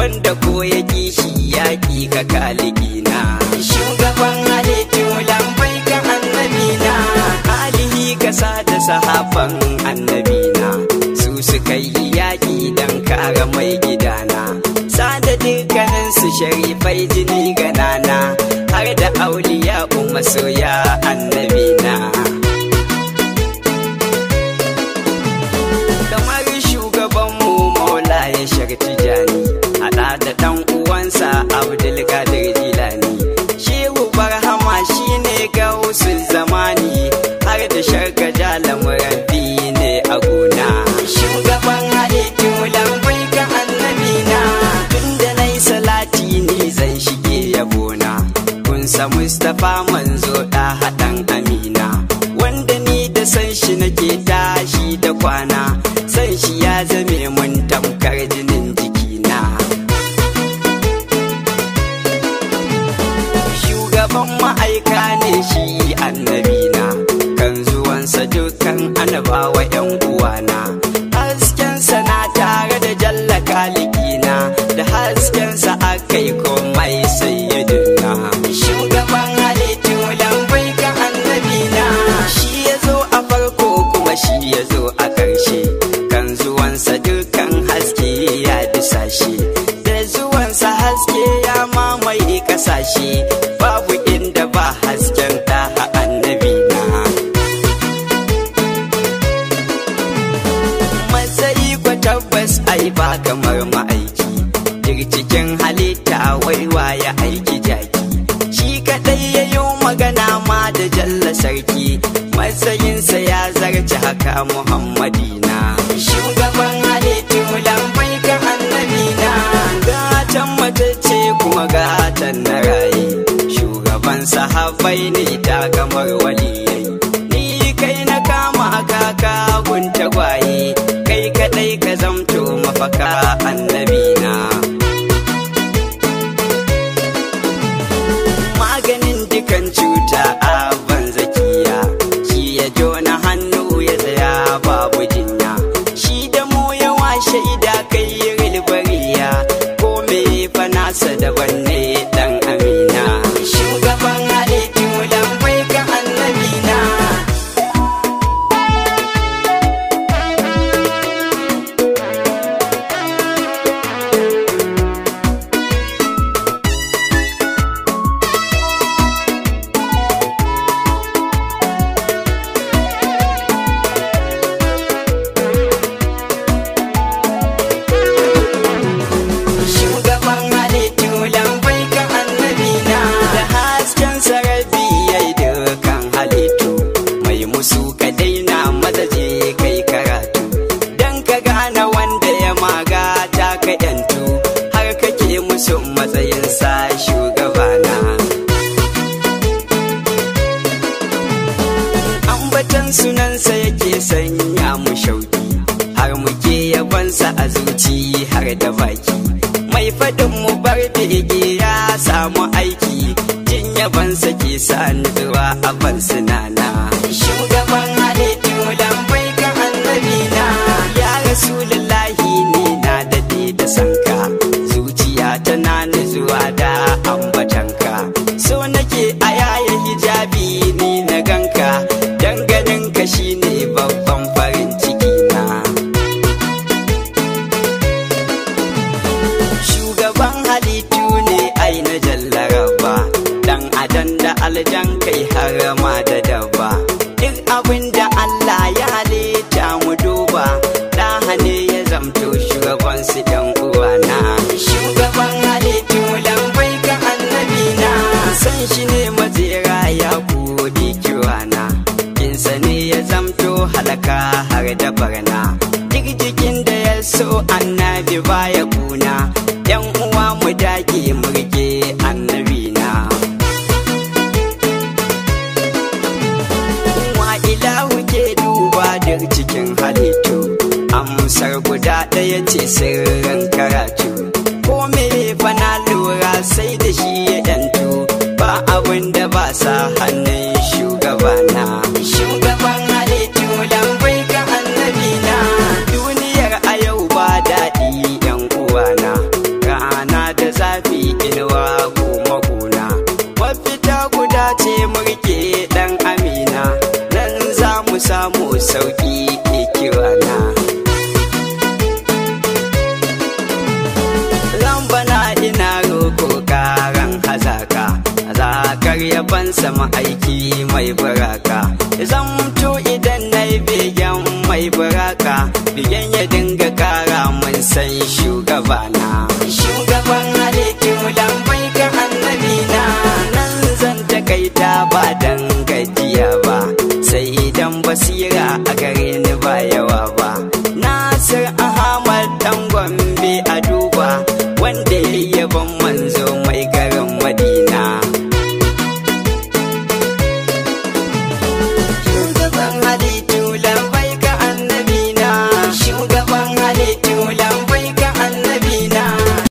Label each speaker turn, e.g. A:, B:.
A: wanda ko ya kishi ya ki ka kaliki na shugaban halittu lambai ka annabi na alihi ka da sahafan annabi na su suka yi yaki dan kara mai gidana sada dukkanin su sharifai jini ganana har da auliya masoya annabi Da Mustapha manzo da haɗan amina wanda ni da san shi nake tashi da kwana san shi ya zame mun tamkar jinin jikina shugaban ma'aika ne shi annabina kan zuwansa dukan annabawa yan uwana sa na tare da jalla kalikina da hasken sa. tabbas ai ba kamar ma'aiki cikin halitta waiwa ya aiki jaki Shi kaɗai ya yi magana ma da jalla sarki Matsayinsa ya zarce haka Muhammadina Shugaban halittu lambai ka annabina Gatan matacce kuma gatan na raye Shugaban sahabai ne ta kamar walina acabar. faɗin mu bar bege ya samu aiki jin yaban sake sa nutsuwa a ban sinana shugaban halittu lambai ga annabi na ya rasulullahi ne na dade da sanka zuciya tana aljan kai har ma da dabba duk abin da Allah ya halitta mu duba da hane ya zamto shugaban su dan uwana shugaban halittu lambai ka annabi na san shi ne mazira ya kodi kiwana Kin sani ya zamto halaka har da barna duk jikin da ya so annabi baya cikin halittu amsar guda ɗaya ce sirrin karatu ko me fa na lura sai da shi ya dantu ba abin da ba sa hannun shugabana shugaban halittu lambai ga annabi na duniyar a yau ba daɗi yan uwana rana da zafi inuwa goma gona mafita guda ce murke ɗan amina nan za mu samu sauki uwansa ma'aiki mai baraka zan mutu idan na begen mai baraka begen ya dinga kara mun san shugabana shugaban halittu lambai ga annabi na nan zan takaita ba